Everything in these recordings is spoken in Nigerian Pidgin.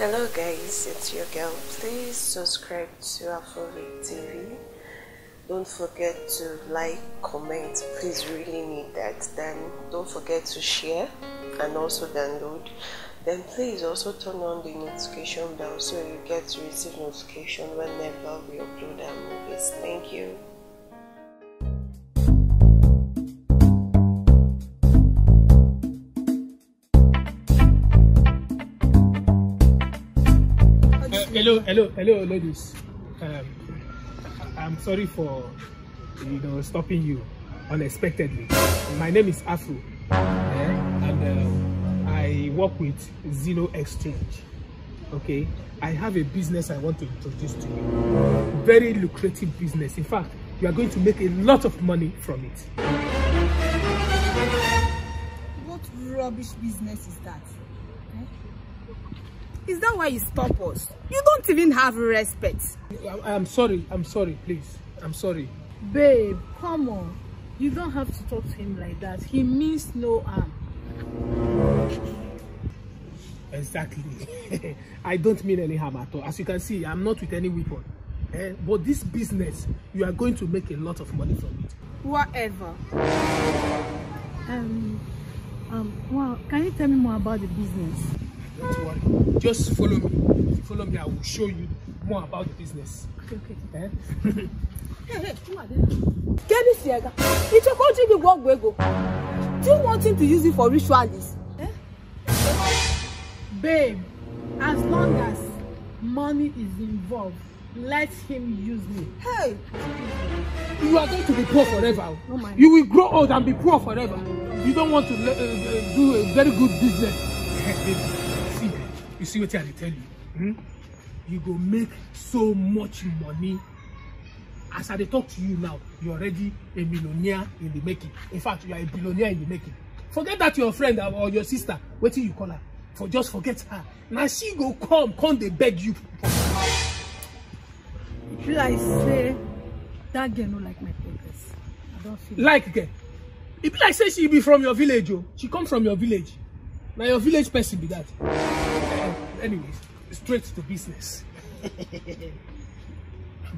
Hello guys, it's your girl. Please subscribe to Afrobeat TV. Don't forget to like, comment. Please really need that. Then don't forget to share and also download. Then please also turn on the notification bell so you get to receive notification whenever we upload our movies. Thank you. hello hello ladies um, i'm sorry for you know stopping you unexpectedly my name is afro yeah, and uh, i work with zeno exchange okay i have a business i want to introduce to you very lucrative business in fact you are going to make a lot of money from it what rubbish business is that is that why you stop us? You don't even have respect. I'm, I'm sorry. I'm sorry, please. I'm sorry. Babe, come on. You don't have to talk to him like that. He means no harm. Exactly. I don't mean any harm at all. As you can see, I'm not with any weapon. Eh? But this business, you are going to make a lot of money from it. Whatever. Um, um, well, can you tell me more about the business? Don't worry. Just follow me. If you follow me, I will show you more about the business. Okay, okay. Eh? hey, hey, it's a country we work Do you want him to use it for rituals? Eh? Babe, as long as money is involved, let him use me. Hey! You are going to be poor forever. No, oh man. You will grow old and be poor forever. You don't want to uh, uh, do a very good business. you see what i dey tell you hmm? you go make so much money as i talk to you now you already a millionaire in the making in fact you are a billionaire in the making forget that your friend or your sister Wait till you call her for just forget her Now she go come come they beg you. e I say that girl no like my progress i don't feel. like girl If I say she be from your village oh. she come from your village Now your village person be that. anyways, straight to business.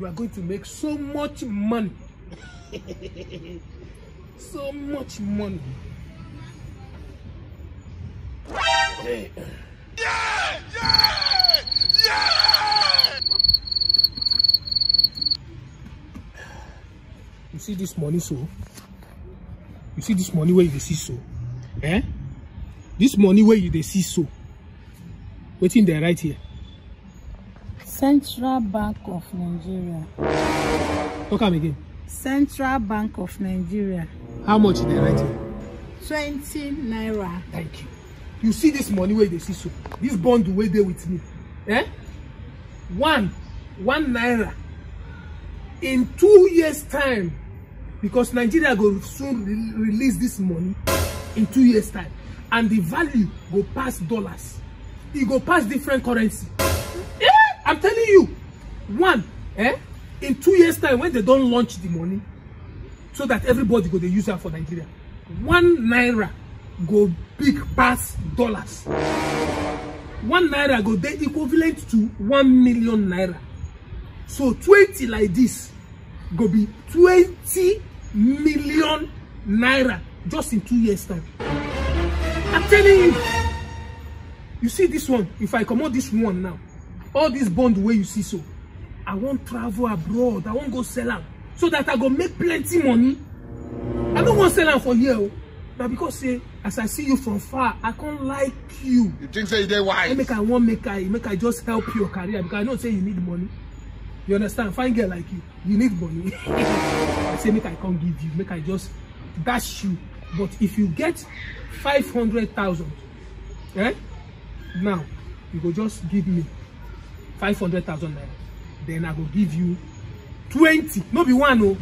we are going to make so much money. so much money. Yeah, yeah, yeah. You see this money so? You see this money where you see so? Eh? This money where you see so? Wait,ing dey write here. central bank of nigeria. talk am again. central bank of nigeria. how much they write here. twenty naira. thank you you see this money where they see so this bond the way they with me eh one one naira in two years time because nigeria go soon re release this money in two years time and the value go pass dollars e go pass different currency eh i'm telling you one eh in two years time when they don't launch the money so that everybody go they use am for nigeria one naira go big pass dollars one naira go they equivalent to one million naira so twenty like this go be twenty million naira just in two years time i'm telling you you see this one if i comot this one now all this bond the way you see so i wan travel abroad i wan go sell am so that i go make plenty money i no wan sell am for here o na because say as i see you from far i come like you you think say you dey wise make i wan make i make i just help your career because i know say you need money you understand fine girl like you you need money i say make i come give you make i just dash you but if you get five hundred thousand eh now you go just give me five hundred thousand naira then i go give you twenty no be one o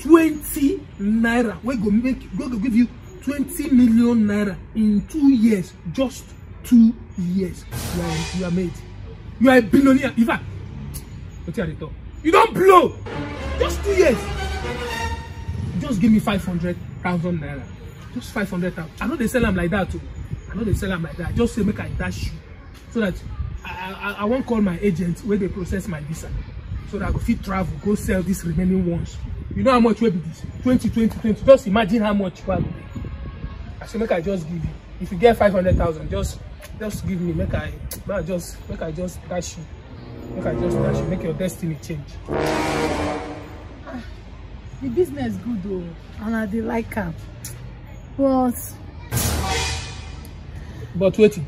twenty naira wey go make wey go give you twenty million naira in two years just two years you are you are made you are a billionaire in fact wetin i dey talk you don blow just two years just give me five hundred thousand naira just five hundred thousand i no dey sell am like that o i no dey sell am like that i just say make i dash you so that i i, I wan call my agent where they process my visa so that i go fit travel go sell these remaining ones you know how much will be this twenty twenty twenty just imagine how much wa go i say make i just give you if you get five hundred thousand just just give me make i make i just make i just dash you make i just dash you make your destiny change. Ah, the business good o and i dey like am but but waiting,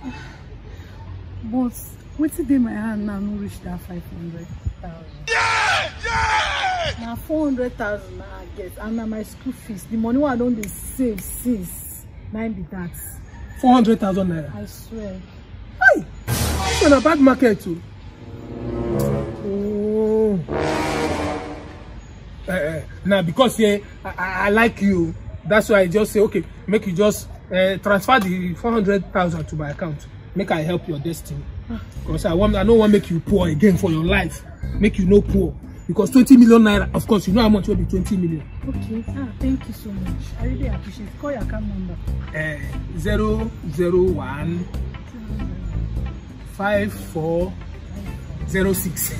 but wetin dey my hand now no reach that five hundred thousand Yeah, yeah. Now four hundred thousand i get and na my school fees the money i don't save since nine. be that four hundred thousand naira i swear hi this one na bad market too. oh. uh, na because say yeah, I, I, i like you that's why i just say okay make you just uh, transfer the four hundred thousand to my account make i help your destiny because i want, i no wan make you poor again for your life make you no poor because twenty million naira of course you know how much will be twenty million. okay ah thank you so much i really appreciate it call your account number. Uh, zero zero one five four zero six.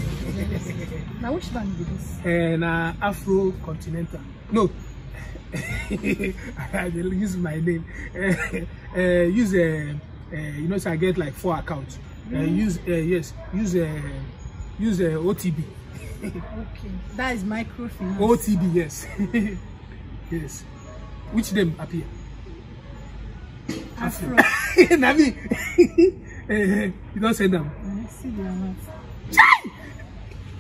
na which bank is this. Uh, afro continental no I use my name. Uh, uh, use a, uh, eh, you know, so I get like four accounts. Mm. use yes, use a, use a OTB. okay, that is microfinance. OTB, yes, yes. Which them appear? Afro. Nabi, you don't say them. I see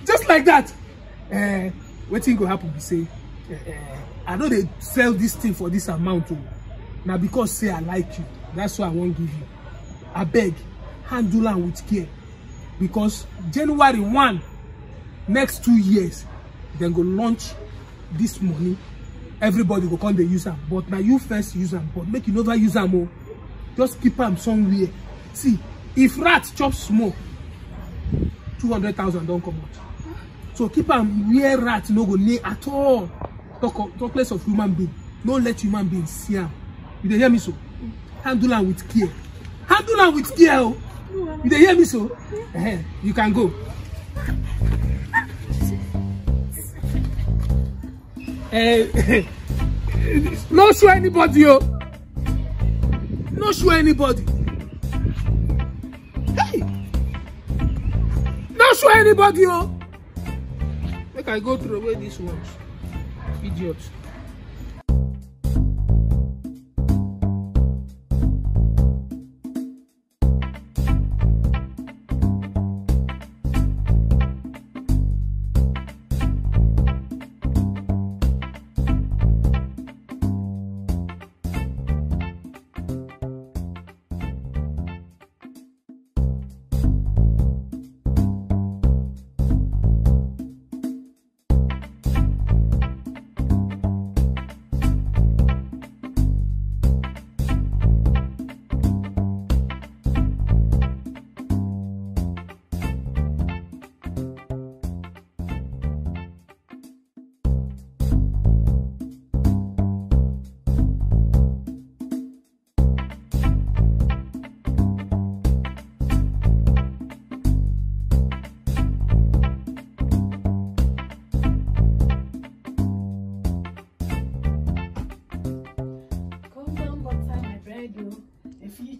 Just like that. Uh, what thing will happen? We say. Eh, i know they sell this thing for this amount o na because say i like you that's why i won't give you I beg, handle and with care because january one next two years then go launch this money everybody go come dey use am but now you first use am but make you never use am o just keep them somewhere see if rat chop small two hundred thousand don comot so keep them where rat no go near at all talk talk less of human being no let human being see am you dey hear me so handle am with care handle am with care o oh. you dey hear me so uh -huh. you can go. Uh, no show anybody o oh. no show anybody hey no show anybody o oh. make i go throw away these ones. idiotas.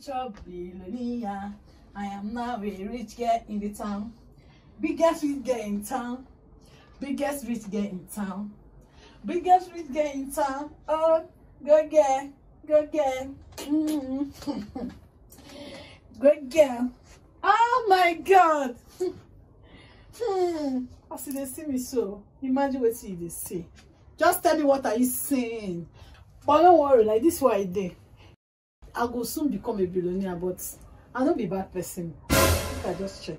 future billionaire. I am now a rich girl in the town. Biggest rich girl in town. Biggest rich girl in town. Biggest rich girl in town. Oh, go girl, go girl. Mm mm-hmm. Great girl. Oh my God. hmm. As they see me so, imagine what they see. Just tell me what are you saying. But don't worry, like this why I did i go soon become a billionaire but i don't be bad person make i just check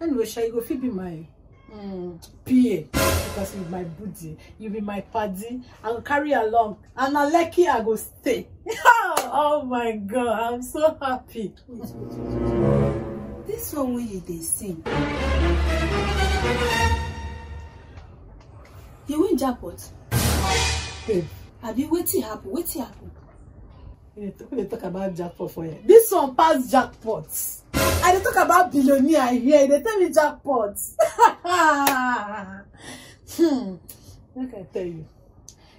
anyway shall you go fit be my um, mm, pa because you my booty, you be my padi I'll carry along and na lekki i go stay oh my god i'm so happy this one wey you dey sing you win jackpot Hey, babe you waiting? happen Waiting? happen we dey talk, about jackpot for here this one pass jackpot i dey talk about billionaire here They tell me jackpot hmm make i tell you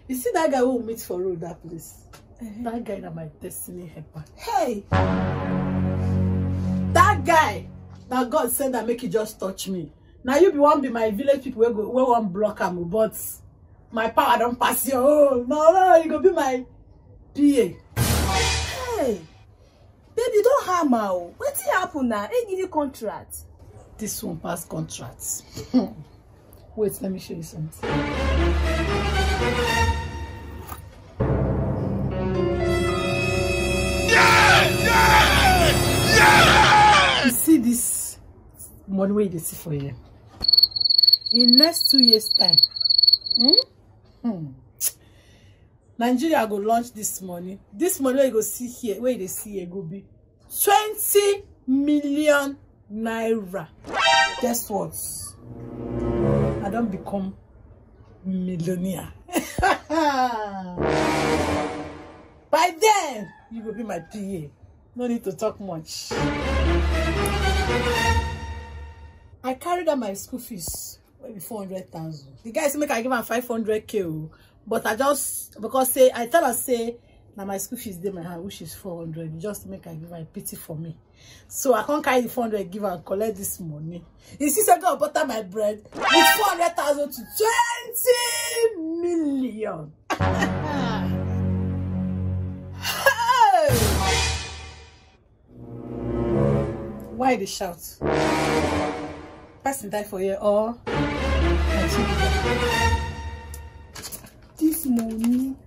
you see that guy wey we meet for road that place mm-hmm. that guy na my destiny helper hey that guy that god send that make you just touch me Now you be one be my village people where go wey wan block am but my power don't pass your own na oh you go be my pa ama o wetin happen na enyi contract. this one pass contracts. wait let me show you something. Yeah, yeah, yeah. You see this One way they see for you. in next two years time hmm? Hmm. nigeria go launch this money this money you go see here Where they see here go be fifty million naira guess what i don't become millionaire by then you will be my pa no need to talk much i carried down my school fees wey be hundred thousand the guy say make i give him five hundred k oh. but i just because say i tell her say Now my school fees dey my hand which is four hundred just make i give her pity for me so i can't carry the four hundred give her and collect this money you see say god butter my bread with four hundred thousand to twenty million. why they dey shout person die for you or this morning.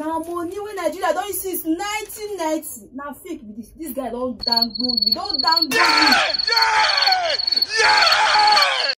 Now money when nigeria don't use since 1990 Now fake with this this guy don dangbo you don dangbo you. Yeah, yeah, yeah!